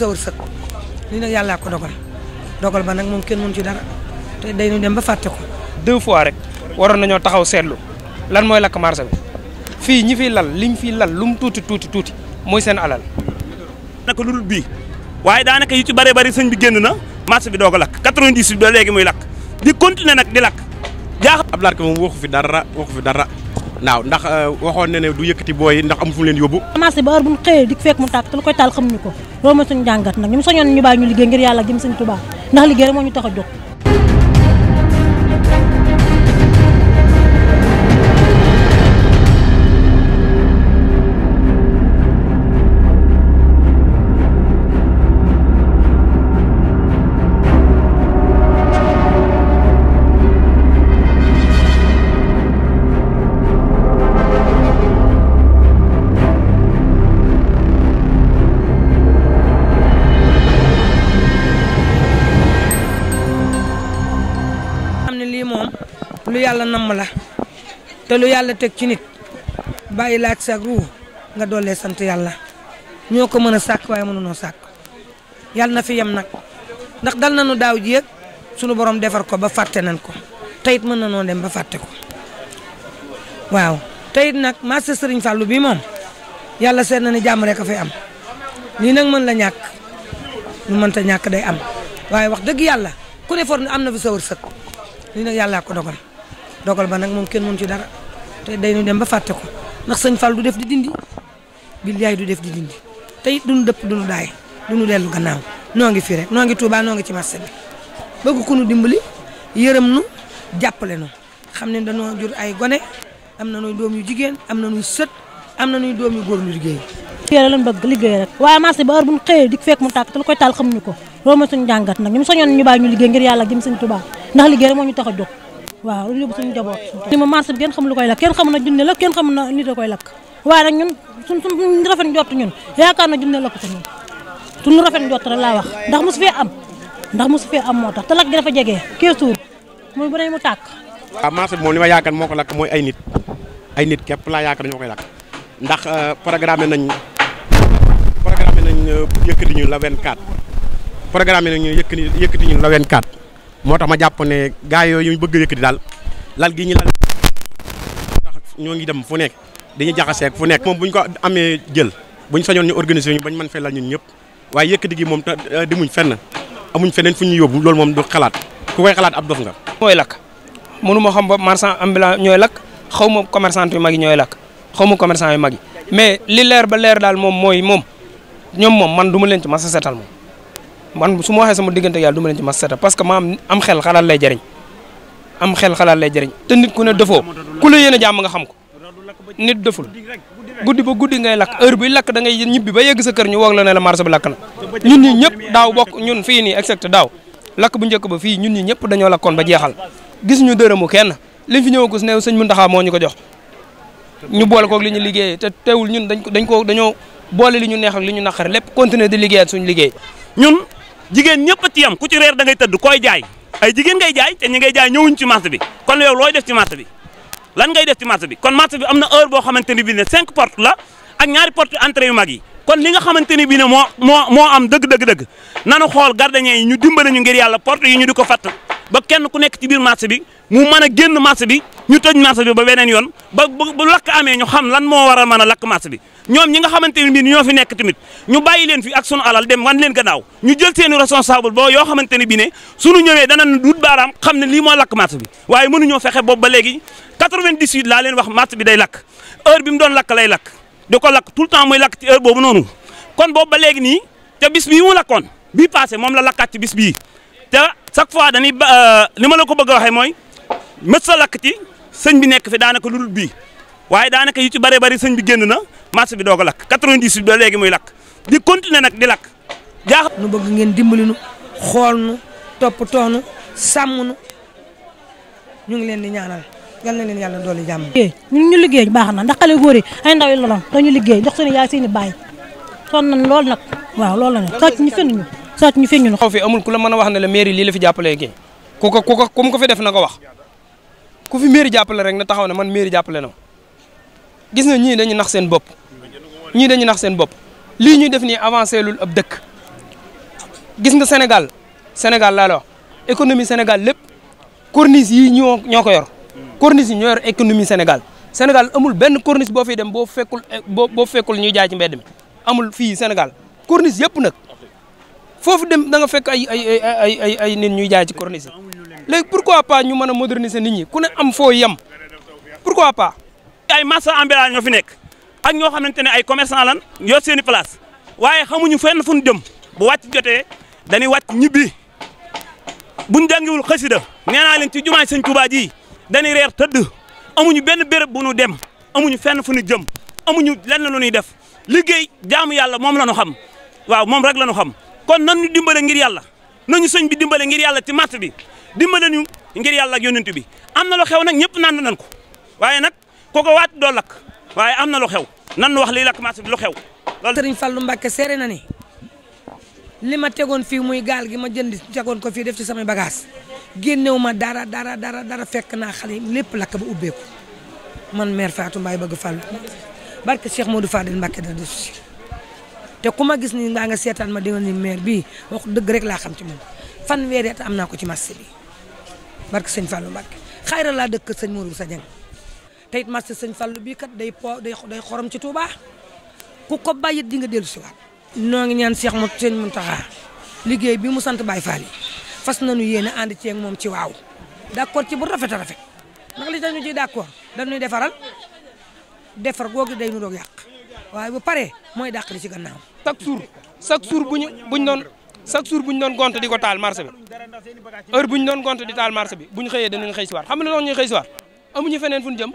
sa wërsëg lii nag yàllaa ko dogal dogal ba nag moom kenn mënu ci dara te day ñu dem ba fàtte ko. deux fois rek waroon nañoo taxaw seetlu lan mooy lakk marché bi fii ñi fiy lal liñ fiy lal lu mu tuuti tuuti tuuti mooy seen alal. naka lu dul bii waaye daanaka yu ci bëree bëri sëñ bi génn na. marché bi doog a lakk 90 ba léegi muy lakk di continuer nag di lakk jaaxal. ab lark moom waxu fi dara waxu fi dara. naaw ndax euh, waxoon na ne du yëkkati booy ndax amu fu mu leen yóbbu marché ba heure bu ñu xëyee di fekk mu tàkk te lu koy taal xamuñu ko loolu mooy suñu jàngat nag ñoom soñoon ñu bàyyi ñu liggéey ngir yàlla jëm sëñ Tuubaa ndax liggéey rek moo ñu tax a jóg lu yàlla namm la te lu yàlla teg ci nit bàyyi la ak saak ruu nga doolee sant yàlla ñoo ko mën a sàkk waaye mënunoo sàkk yàlla na fi yem nag ndax dal nu daaw jéeg sunu borom defar ko ba fàtte nañ ko teyit mën na noo dem ba fàtte ko waaw teyit nag master Serigne Fallou bi moom yàlla seet na ne jàmm rek a fay am lii nag mën la ñàkk lu mënta ñàkk day am waaye wax dëgg yàlla ku ne for am na fi sa wërsëg lii nag yàllaa ko dogal ba nak mom kenn mom ci dara te day dem ba faté ko nak Fall du def di dindi billaay du def di dindi te it duñu depp duñu daay duñu delu gannaaw noongi fi rek noongi ngi Touba noo ci marché bi bëgg ku nu dimbali yërëm nu jàppale nu xamne da no jur ay goné amna na nuy doom yu jigen amna na seut amna am doom yu góor ñu liggéey. lañ bëgg liggéey rek waye marché ba heure bu ñu dik fekk mu tak te koy tal xamuñu ko roma suñu jangat nak ñun soñon ñu ba ñu liggéey ngir jëm Touba ndax liggéey rek ñu waaw lu yóbbu suñu njaboot ni ma marché bi kenn lu koy lak kenn xamul na junne la kenn xamul na nit a koy lakk waaye nag ñun suñ suñ rafet njott ñun yaakaar na junne lakk ko ñun suñu rafet njott rek wax ndax mosu fee am ndax mosu fee am moo tax te lakk gi dafa jege kee suur muy bu mu tàkk waaw marché bi moom li ma yaakaar moo ko lakk ay nit ay nit képp laa yaakaar ñoo koy lakk ndax euh, programme nañ programme nañ euh, yëkkati ñu la 24 programme nañ yëkkati ñu la 24 moo tax ma jàpp ne gars yooyu ñu bëgg a di daal lal gi ñu lal tax ñoo ngi dem fu nekk dañuy jaxaseeg fu nekk moom bu ñu ko amee jël buñ sañoon ñu organiser ñu bañ man fee lal ñun ñëpp waaye yëkkati gi moom di euh, demuñ fenn amuñ feneen fu ñuy yóbbu loolu moom du xalaat ku koy xalaat ab dof nga mooy lakk mënuma xam ba marchand ambulant ñooy lakk xaw ma commerçant yu mag yi ñooy lakk xaw ma commerçant yu mag mais li leer ba leer daal moom mooy moom ñoom moom man du ma leen ci masa seetal moom man su mo waxe sama digënté yalla duma leen ci mas seetal parce que ma am xel xalaal lay jëriñ am xel xalaal lay jëriñ te nit ku ne defo ku la yéene jamm nga xam ko nit deful guddi ba guddi ngay lak heure bi lak da ngay ñibbi ba yegg sa kër ñu woog la ne la marché bi lak na ñun ñi ñëpp daaw bok ñun fi ni exact daaw lak bu ñëk ba fi ñun ñi ñëpp dañoo lakkon ba jéxal gis ñu dërëmu kenn li fi ñëw ko señ mu ndaxa mo ñu ko jox ñu ko ak li ñu liggéey te teewul ñun dañ ko dañ ko dañoo bolé li ñu neex ak li ñu naqar lepp continuer di ak suñu liggéey ñun jigéen ñëpp ci yam ku ci reer dangay tëdd kooy jaay ay jigéen ngay jaay te ñi ngay jaay ñëwuñ ci marché bi kon yow looy def ci marché bi lan ngay def ci marché bi kon marché bi am na heure boo xamante ni bii ne cinq porte la ak ñaari porte entrée yu mag yi kon li nga xamante ni bii ne moo moo moo am dëgg-dëgg-dëgg nanu xool gardien yi ñu dimbale ñu ngir yàlla port yi ñu di ko fatt ba kenn ku nekk ci biir marché bi mu mën a génn marché bi ñu tëj marché ba beneen yoon ba bu lakk amee ñu xam lan moo war a mën a lakk marché bi ñoom ñi nga xamante ni ñoo fi nekk tamit ñu bàyyi leen fi ak sunu alal dem wan leen gannaaw ñu jël seeni responsable boo yoo xamante ne bi ne suñu ñëwee danañ dut baaraam xam ne lii moo lakk marché bi waaye mënuñoo fexe boobu ba léegi 98 laa leen wax marché bi day lakk heure bi mu doon lakk lay lakk di ko lakk tout le temps muy lakk ci heure boobu noonu kon ba léegi nii te bis bii mu lakkoon bii moom la lakkaat ci bis bii ja chaque fois dañuy ba li euh, ma la ko bëgg a waxee mooy mës sa lakkati sëñ bi nekk fi daanaka lu dul bii waaye daanaka yu ci bëree bëri sëñ bi génn na marché bi doo ko lakk 98 ba léegi muy lakk di continuer nag di lakk jaax nu bëgg ngeen dimbali nu xool nu toppatoo nu sàmm nu ñu ngi leen di ñaanal yal na leen yàlla doole jàmm. ñun ñu liggéey baax na ndax xale góor yi ay ndaw yi la doon liggéey ndox suñu yaay seen i bàyyi sonn nañ lool nag waaw loolu la nag socc ñu fenn ñu. sàcc ñu feeñu xaw fi amul ku la mën a wax ne la mairie lii la fi jàppalee kii ku ko ku ko ko fi def na ko wax ku fi mairie jàppale rek na taxaw ne man mairie jàppale na gis na ñii dañu nax seen bopp ñii dañu nax seen bopp lii ñuy def nii avancé lul ab dëkk gis nga senegal Sénégal laa la wax économie Sénégal lépp corniche yi ñoo ñoo ko yor corniche yi ñoo économie Sénégal Sénégal amul benn corniche boo fiy dem boo fekkul boo fekkul ñuy jaay ci mbedd mi amul fii Sénégal corniche yëpp nag foofu dem da fekk ay ay ay ay ay nit ñuy jaay ci corniche léegi pourquoi pas ñu mën a moderniser ni ñi ku ne am foo yam yem pourquoi pas. ay marchands ambulants ñoo fi nekk ak ñoo xamante ne ay commerçant lan yor seeni i waaye xamuñu fenn fu ñu jëm bu wàcc jotee dañuy wat ñibbi buñ jàngiwul xasida nee naa leen ci jumaay sëñ Tuubaa ji dañuy reer tëdd amuñu benn béréb bu ñu dem amuñu fenn fu ñu jëm amuñu lenn lu ñuy def liggéey jaamu yàlla moom la ñu xam waaw moom rek la xam. kon nan ñu dimbale ngir yàlla nañu sëñ bi dimbale ngir yàlla ci matt bi dimbale ñu ngir yàlla ak yonent bi am na loo xew nag ñëpp naan nan ko waaye nag ko ko waat doo lakk waaye am na lu xew nan wax lii lakk matt bi lu xew loolu sëriñ Fallou Mbacke seere na ni li ma tegoon fii muy gaal gi ma jënd jagoon ko fii def ci samay bagage génnewu ma dara dara dara dara fekk naa xale yi lépp lakk ba ubbeeku man meer Fatou Mbaye bëgg Fallou barke Cheikh Modou Fadel Mbacke dara desu te kuma gis ni nga nga seetaan ma déwén ni maire bi wax deug rek la xam ci mom fan wéré at amna ko ci marché bi barke seigne Fallou barke xayra la deuk seigne Mourou sa djeng te it marché seigne Fallou bi kat day day day xorom ci Touba ku ko baye di nga delu ci wat no ngi ñaan Cheikh mo seigne muntaha liggey bi mu sante Baye Fall fas nañu yéene and ci ak mom ci waw d'accord ci bu rafet rafet nak li tañu ci d'accord dañuy defaral defar googu day nu yak waaye bu paree mooy dàq li ci gannaaw. chaque jour chaque jour bu ñu bu ñu doon chaque jour bu ñu doon gont di ko taal marché bi heure bu ñu doon gont di taal marché bi bu ñu xëyee danañ xëy si waat xam nga loolu feneen fu jëm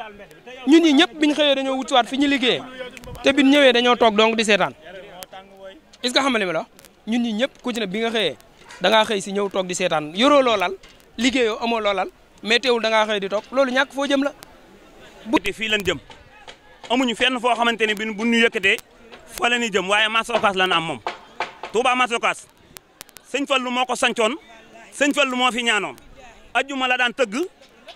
ñun ñi ñëpp bi ñu xëyee dañoo wut si waat fi ñu liggéeyee te bi ñëwee dañoo toog donc di seetaan est-ce que xam nga li ma la wax ñun ñi ñëpp ku ci ne bi nga xëyee da xëy si ñëw toog di seetaan yoroo loolal liggéeyoo amoo loolal mais teewul da ngaa di toog loolu ñàkk foo jëm la. bu fii lan jëm amuñu fenn foo xamante ne bi bu ñu yëkkatee fa la ñuy jëm waaye marché Ocass la ñu am moom Touba marché Ocass sëñ lu moo ko sancoon sëñ lu moo fi ñaanoon ajjuma la daan tëgg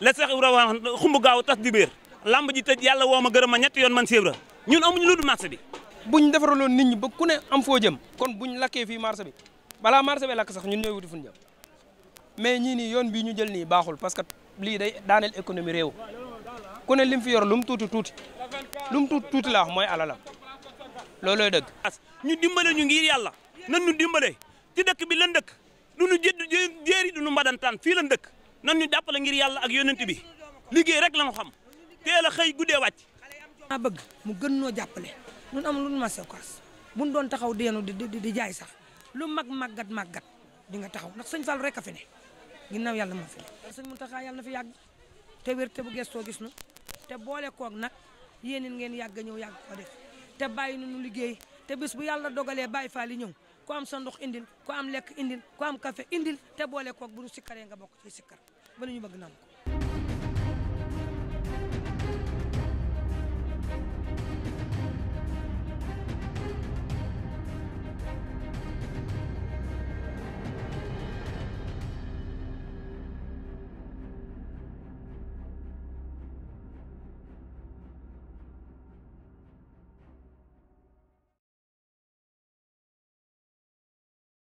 la Seex Ibra wax xumb gaaw tas di béer lamb ji tëj yàlla woo ma gërëm ma ñetti yoon man sébra ñun amuñu lu dul marché bi buñ defaraloon nit ñi ba ku ne am foo jëm kon buñ lakkee fii marché bi balaa marché bi lakk sax ñun ñooy wuti fuñ jëm mais ñii nii yoon bii ñu jël nii baaxul parce que lii day daaneel économie réew ku ne lim fi yor lum tuuti tuuti Lum tout tout la wax mooy alalam loolooy as ñu dimbalé ñu ngir yalla nan ñu dimbalé ci dëkk bi lan dëkk du ñu jëdd jéeri du ñu mbadantaan fi lan dëkk nan ñu jàppale ngir yalla ak yonent bi liggé rek lañu xam teel a xëy guddee bëgg mu gën no jappalé ñun am luñu ma doon taxaw di di jaay sax lu mag magat magat, di nga taxaw nak señ Fall rek ka fi né ginnaw yalla mo fi señ mu Mountakha yalla na fi yag té wër té bu gesto gis nu té boole nak yéen ngeen yàgg a ñëw yàgg ko def te bàyyi nu liggéey te bis bu yàlla dogalee bàyyi faali ñëw ko am sa ndox indil ku am lekk indil ku am kafe indil te boole koog bu nu sikkaree nga bokk ci sikkar ba ñu bëgg nam ko